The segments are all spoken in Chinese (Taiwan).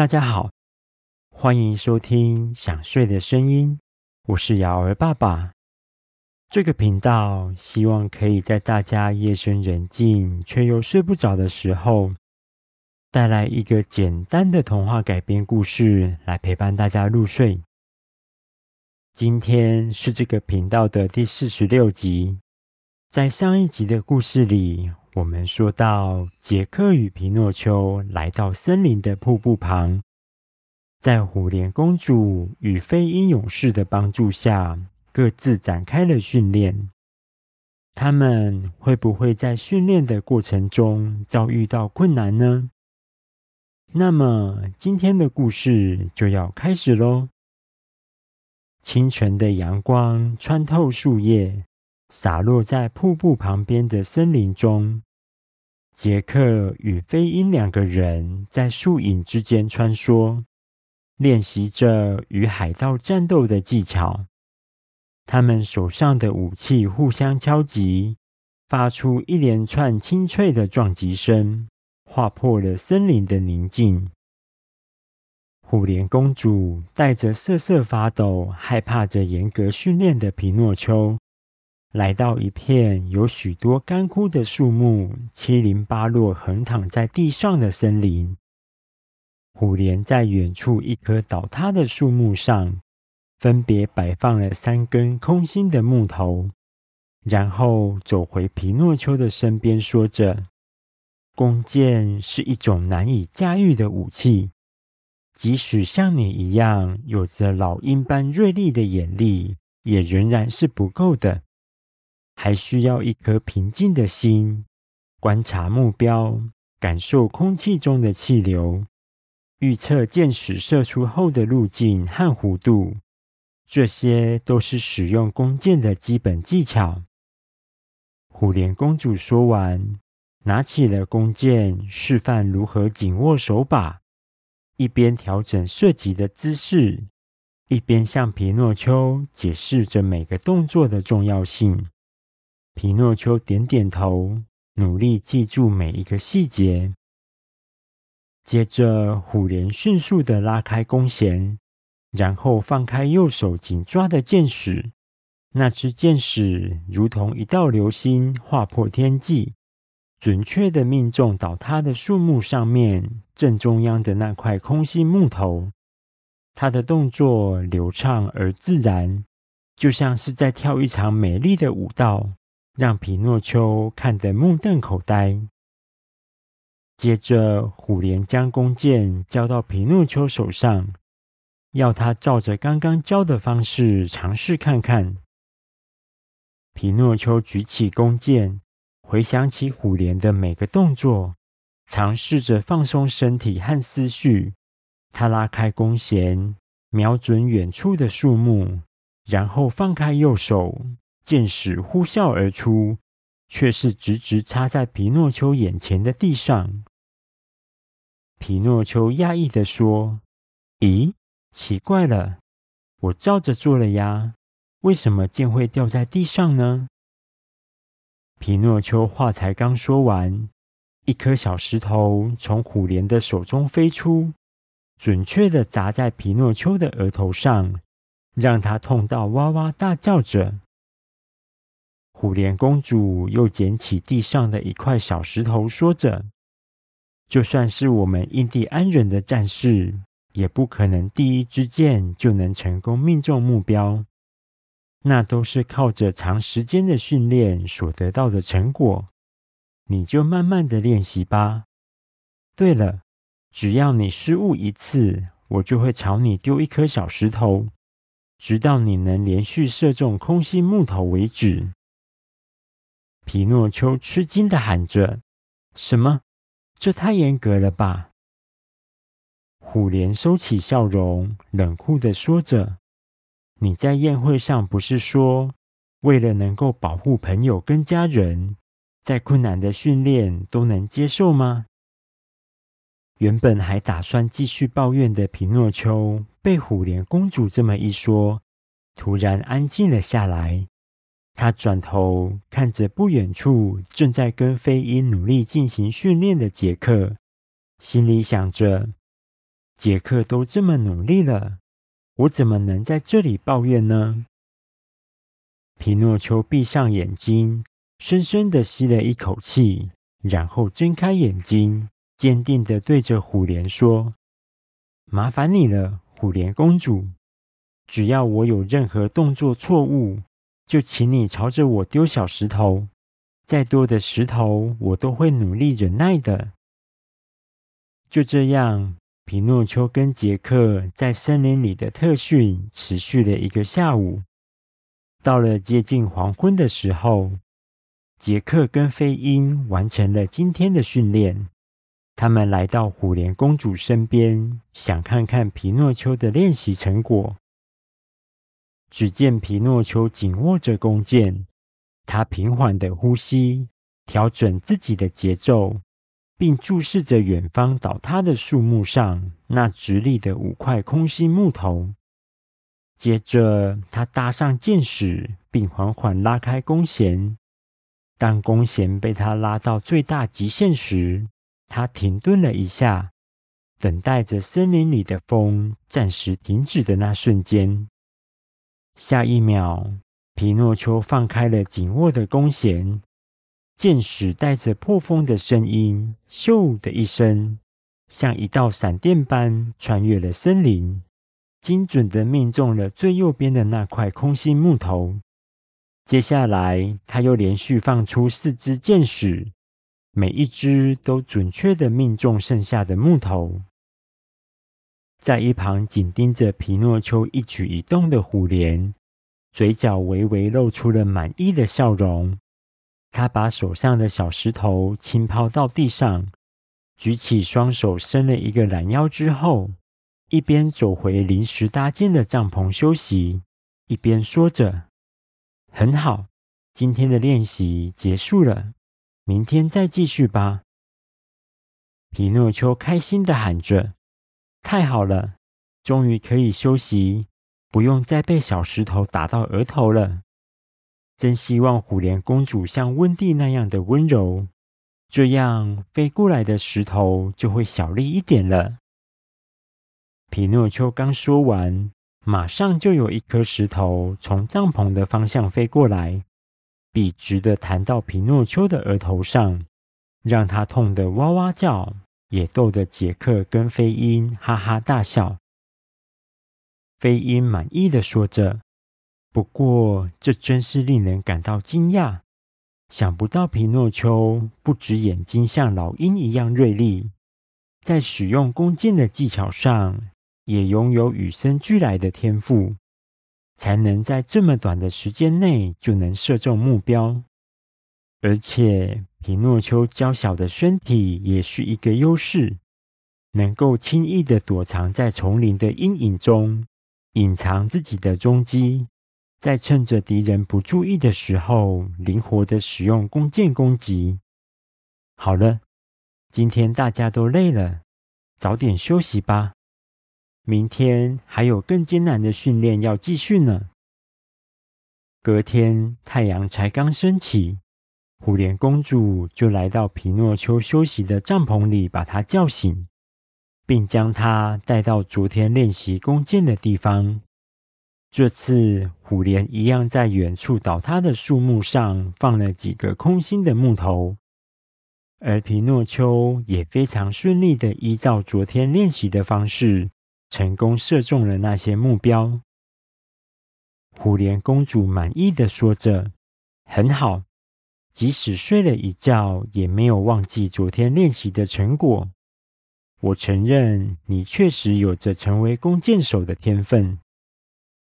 大家好，歡迎收聽《想睡的聲音》，我是堯兒爸爸。這個頻道希望可以在大家夜深人靜卻又睡不着的時候，帶來一個簡單的童話改編故事，來陪伴大家入睡。今天是這個頻道的第四十六集，在上一集的故事裡，我們說到，傑克與皮諾丘來到森林的瀑布旁，在虎蓮公主與飛鷹勇士的幫助下，各自展開了訓練。他們會不會在訓練的過程中遭遇到困難呢？那麼，今天的故事就要開始嘍。清晨的陽光穿透樹葉，灑落在瀑布旁邊的森林中。傑克與飛鷹兩個人在樹影之間穿梭，練習着與海盜戰鬥的技巧。他們手上的武器互相敲擊，發出一連串清脆的撞擊聲，劃破了森林的寧靜。虎蓮公主帶着瑟瑟發抖、害怕着嚴格訓練的皮諾丘，來到一片有許多乾枯的樹木、七零八落橫躺在地上的森林。虎蓮在遠處一棵倒塌的樹木上，分別擺放了三根空心的木頭，然後走回皮諾丘的身邊，說着：“弓箭是一種難以駕馭的武器，即使像你一樣有着老鷹般銳利的眼力，也仍然是不夠的。”還需要一顆平靜的心，觀察目標，感受空氣中的氣流，預測箭矢射出後的路徑和弧度。這些都是使用弓箭的基本技巧。虎蓮公主說完，拿起了弓箭，示範如何緊握手把，一邊調整射擊的姿勢，一邊向皮諾丘解釋着每個動作的重要性。皮諾丘點點頭，努力記住每一個細節。接着，虎蓮迅速地拉開弓弦，然後放開右手緊抓的箭矢。那支箭矢如同一道流星劃破天際，準確地命中倒塌的樹木上面正中央的那塊空心木頭。他的動作流暢而自然，就像是在跳一場美麗的舞蹈。讓皮諾丘看得目瞪口呆。接着，虎蓮將弓箭交到皮諾丘手上，要他照着剛剛教的方式嘗試看看。皮諾丘舉起弓箭，回想起虎蓮的每個動作，嘗試着放鬆身體和思緒。他拉開弓弦，瞄準遠處的樹木，然後放開右手。箭矢呼嘯而出，卻是直直插在皮諾丘眼前的地上。皮諾丘訝異地說：“咦，奇怪了，我照着做了呀，為什麼箭會掉在地上呢？”皮諾丘話才剛說完，一顆小石頭從虎蓮的手中飛出，準確地砸在皮諾丘的額頭上，讓他痛到哇哇大叫着。虎蓮公主又撿起地上的一塊小石頭，說着：“就算是我們印第安人的戰士，也不可能第一支箭就能成功命中目標。那都是靠着長時間的訓練所得到的成果。你就慢慢的練習吧。對了，只要你失誤一次，我就會朝你丟一顆小石頭，直到你能連續射中空心木頭為止。”皮諾丘吃驚的喊着：“什麼？這太嚴格了吧！”虎蓮收起笑容，冷酷的說着：“你在宴會上不是說，為了能夠保護朋友跟家人，再困難的訓練都能接受嗎？”原本還打算繼續抱怨的皮諾丘，被虎蓮公主這麼一說，突然安靜了下來。他轉頭看着不遠處正在跟飛鷹努力進行訓練的杰克，心裡想着：“杰克都這麼努力了，我怎麼能在這裡抱怨呢？”皮諾丘閉上眼睛，深深地吸了一口氣，然後睜開眼睛，堅定地對着虎蓮說：“麻煩你了，虎蓮公主，只要我有任何動作錯誤。”就請你朝着我丟小石頭，再多的石頭我都會努力忍耐的。就這樣，皮諾丘跟杰克在森林裡的特訓持續了一個下午。到了接近黃昏的時候，杰克跟飛鷹完成了今天的訓練，他們來到虎蓮公主身邊，想看看皮諾丘的練習成果。只見皮諾丘緊握着弓箭，他平緩地呼吸，調整自己的節奏，並注視着遠方倒塌的樹木上那直立的五塊空心木頭。接着，他搭上箭矢，並緩緩拉開弓弦。當弓弦被他拉到最大極限時，他停頓了一下，等待着森林裡的風暫時停止的那瞬間。下一秒，皮諾丘放開了緊握的弓弦，箭矢帶着破風的聲音，咻的一聲，像一道閃電般穿越了森林，精準地命中了最右邊的那塊空心木頭。接下來，他又連續放出四支箭矢，每一只都準確地命中剩下的木頭。在一旁緊盯着皮諾丘一舉一動的虎蓮，嘴角微微露出了滿意的笑容。他把手上的小石頭輕拋到地上，舉起雙手伸了一個懶腰之後，一邊走回臨時搭建的帳篷休息，一邊說着：“很好，今天的練習結束了，明天再繼續吧。”皮諾丘開心的喊着。太好了，終於可以休息，不用再被小石頭打到額頭了。真希望虎蓮公主像溫蒂那樣的溫柔，這樣飛過來的石頭就會小力一點了。皮諾丘剛說完，馬上就有一顆石頭從帳篷的方向飛過來，筆直的彈到皮諾丘的額頭上，讓他痛得哇哇叫。也逗得傑克跟飛鷹哈哈大笑。飛鷹滿意的說着：“不過，這真是令人感到驚訝，想不到皮諾丘不止眼睛像老鷹一樣銳利，在使用弓箭的技巧上，也擁有與生俱來的天賦，才能在這麼短的時間內就能射中目標，而且……”皮諾丘嬌小的身體也是一個優勢，能夠輕易的躲藏在叢林的陰影中，隱藏自己的蹤跡，再趁着敵人不注意的時候，靈活的使用弓箭攻擊。好了，今天大家都累了，早點休息吧。明天還有更艱難的訓練要繼續呢。隔天，太陽才剛升起。虎蓮公主就來到皮諾丘休息的帳篷裡，把他叫醒，並將他帶到昨天練習弓箭的地方。這次，虎蓮一樣在遠處倒塌的樹木上放了幾個空心的木頭，而皮諾丘也非常順利的依照昨天練習的方式，成功射中了那些目標。虎蓮公主滿意的說着：“很好。”即使睡了一覺，也沒有忘記昨天練習的成果。我承認，你確實有着成為弓箭手的天分，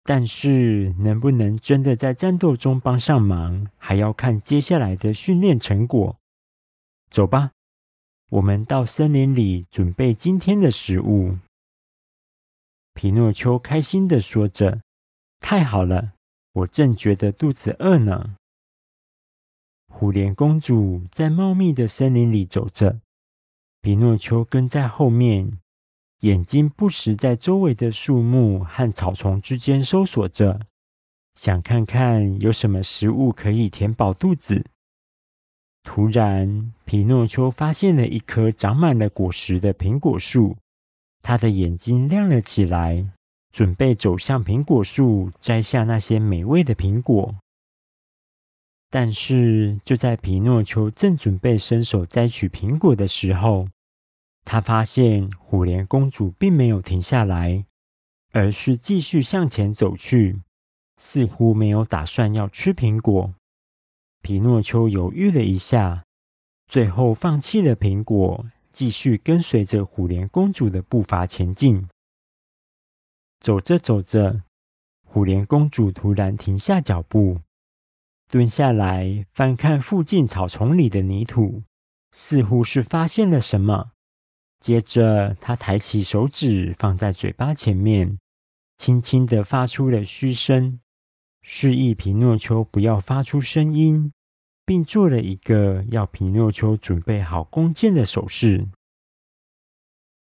但是能不能真的在戰鬥中幫上忙，還要看接下來的訓練成果。走吧，我們到森林裡準備今天的食物。皮諾丘開心的說着：“太好了，我正覺得肚子餓呢。”虎蓮公主在茂密的森林裡走着，皮諾丘跟在後面，眼睛不時在周圍的樹木和草叢之間搜索着，想看看有什麼食物可以填飽肚子。突然，皮諾丘發現了一棵長滿了果實的蘋果樹，他的眼睛亮了起來，準備走向蘋果樹摘下那些美味的蘋果。但是，就在皮諾丘正準備伸手摘取蘋果的時候，他發現虎蓮公主並沒有停下來，而是繼續向前走去，似乎沒有打算要吃蘋果。皮諾丘猶豫了一下，最後放棄了蘋果，繼續跟隨着虎蓮公主的步伐前進。走着走着，虎蓮公主突然停下腳步。蹲下來翻看附近草叢裡的泥土，似乎是發現了什麼。接着，他抬起手指放在嘴巴前面，輕輕地發出了噓聲，示意皮諾丘不要發出聲音，並做了一個要皮諾丘準備好弓箭的手勢。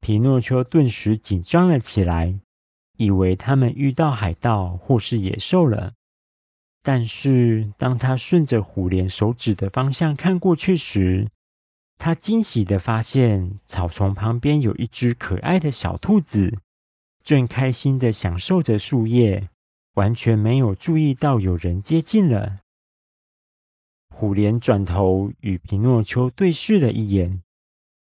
皮諾丘頓時緊張了起來，以為他們遇到海盜或是野獸了。但是，當他順着虎蓮手指的方向看過去時，他驚喜地發現草叢旁邊有一隻可愛的小兔子，正開心地享受着樹葉，完全沒有注意到有人接近了。虎蓮轉頭與皮諾丘對視了一眼，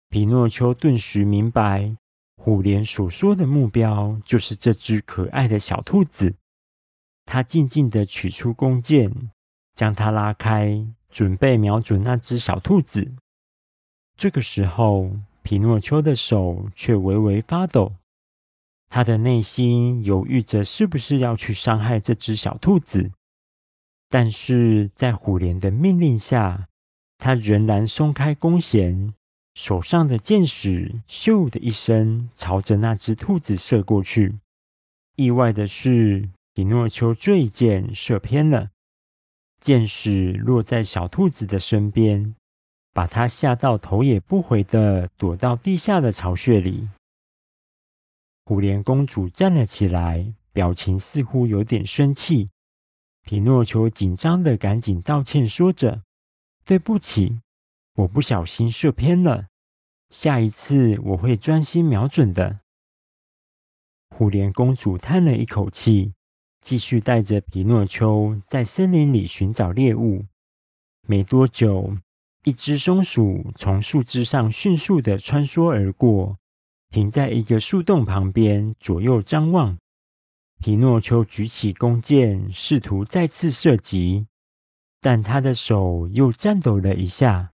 皮諾丘頓時明白，虎蓮所說的目標就是這隻可愛的小兔子。他靜靜的取出弓箭，將它拉開，準備瞄準那只小兔子。這個時候，皮諾丘的手卻微微發抖，他的內心猶豫着是不是要去傷害這只小兔子。但是在虎蓮的命令下，他仍然鬆開弓弦，手上的箭矢咻的一聲朝着那只兔子射過去。意外的是。皮諾丘這一箭射偏了，箭矢落在小兔子的身邊，把它嚇到，頭也不回地躲到地下的巢穴裡。虎蓮公主站了起來，表情似乎有點生氣。皮諾丘緊張的趕緊道歉，說着：“對不起，我不小心射偏了，下一次我會專心瞄準的。”虎蓮公主嘆了一口氣。繼續帶着皮諾丘在森林裡尋找獵物。沒多久，一隻松鼠從樹枝上迅速的穿梭而過，停在一個樹洞旁邊，左右張望。皮諾丘舉起弓箭，試圖再次射擊，但他的手又顫抖了一下，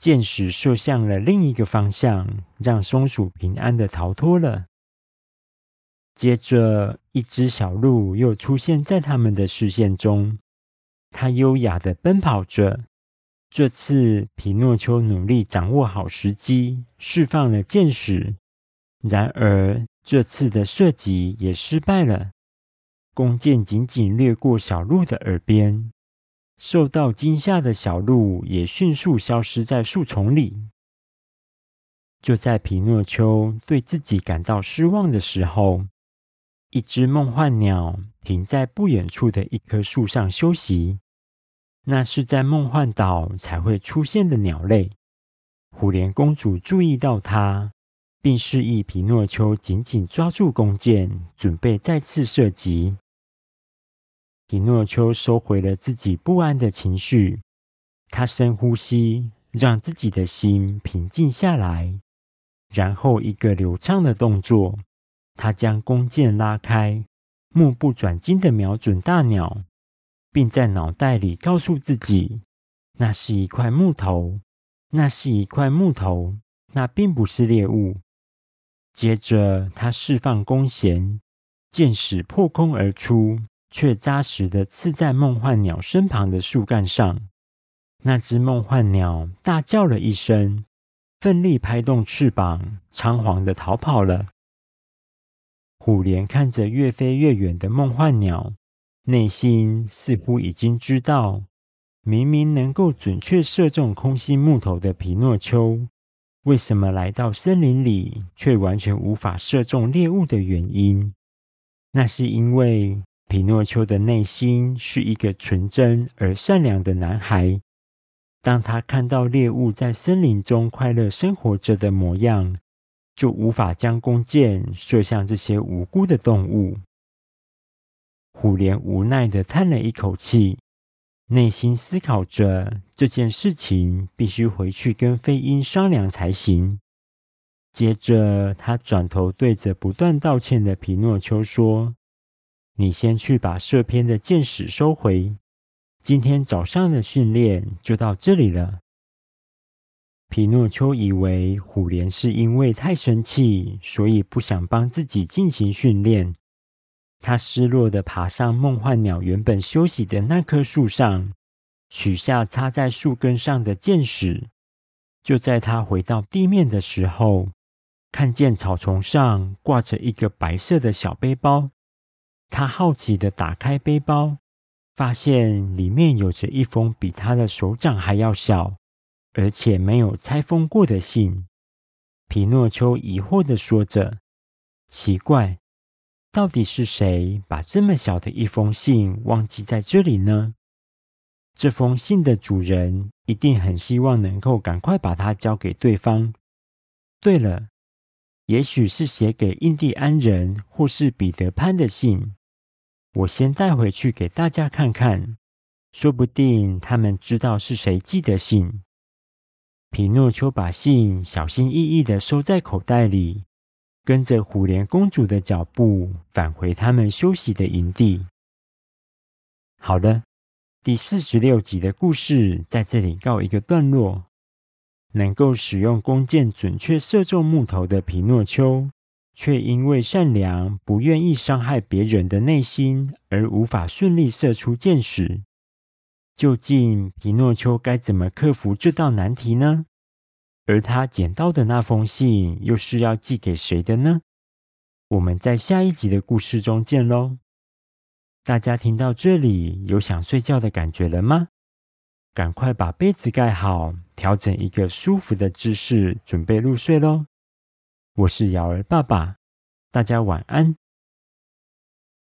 箭矢射向了另一個方向，讓松鼠平安的逃脫了。接着，一隻小鹿又出現在他們的視線中。它優雅地奔跑着。這次，皮諾丘努力掌握好時機，釋放了箭矢。然而，這次的射擊也失敗了。弓箭緊緊掠過小鹿的耳邊。受到驚嚇的小鹿也迅速消失在樹叢裡。就在皮諾丘對自己感到失望的時候，一隻夢幻鳥停在不遠處的一棵樹上休息，那是在夢幻島才會出現的鳥類。虎蓮公主注意到它，並示意皮諾丘緊緊緊抓住弓箭，準備再次射擊。皮諾丘收回了自己不安的情緒，他深呼吸，讓自己的心平靜下來，然後一個流暢的動作。他將弓箭拉開，目不轉睛地瞄準大鳥，並在腦袋裡告訴自己：“那是一塊木頭，那是一塊木頭，那並不是獵物。”接着，他釋放弓弦，箭矢破空而出，卻扎實地刺在夢幻鳥身旁的樹幹上。那隻夢幻鳥大叫了一聲，奮力拍動翅膀，倉皇地逃跑了。虎蓮看着越飛越遠的夢幻鳥，內心似乎已經知道，明明能夠準確射中空心木頭的皮諾丘，為什麼來到森林裡卻完全無法射中獵物的原因。那是因為皮諾丘的內心是一個純真而善良的男孩，當他看到獵物在森林中快樂生活着的模樣，就無法將弓箭射向這些無辜的動物。虎蓮無奈地嘆了一口氣，內心思考着這件事情必須回去跟飛鷹商量才行。接着，他轉頭對着不斷道歉的皮諾丘說：“你先去把射偏的箭矢收回。今天早上的訓練就到這裡了。”皮諾丘以為虎蓮是因為太生氣，所以不想幫自己進行訓練。他失落的爬上夢幻鳥原本休息的那棵樹上，取下插在樹根上的箭矢。就在他回到地面的時候，看見草叢上掛着一個白色的小背包。他好奇的打開背包，發現裡面有着一封比他的手掌還要小。而且沒有拆封過的信，皮諾丘疑惑的說着：“奇怪，到底是誰把這麼小的一封信忘記在這裡呢？這封信的主人一定很希望能夠趕快把它交給對方。對了，也許是寫給印第安人或是彼得潘的信。我先帶回去給大家看看，說不定他們知道是誰寄的信。”皮諾丘把信小心翼翼地收在口袋裡，跟着虎蓮公主的腳步返回他們休息的營地。好了，第四十六集的故事在這裡告一個段落。能夠使用弓箭準確射中木頭的皮諾丘，却因為善良不願意傷害別人的內心，而無法順利射出箭矢。究竟皮諾丘該怎麼克服這道難題呢？而他撿到的那封信又是要寄給誰的呢？我們在下一集的故事中見嘍！大家聽到這裡有想睡覺的感覺了嗎？趕快把被子蓋好，調整一個舒服的姿勢，準備入睡嘍！我是堯兒爸爸，大家晚安。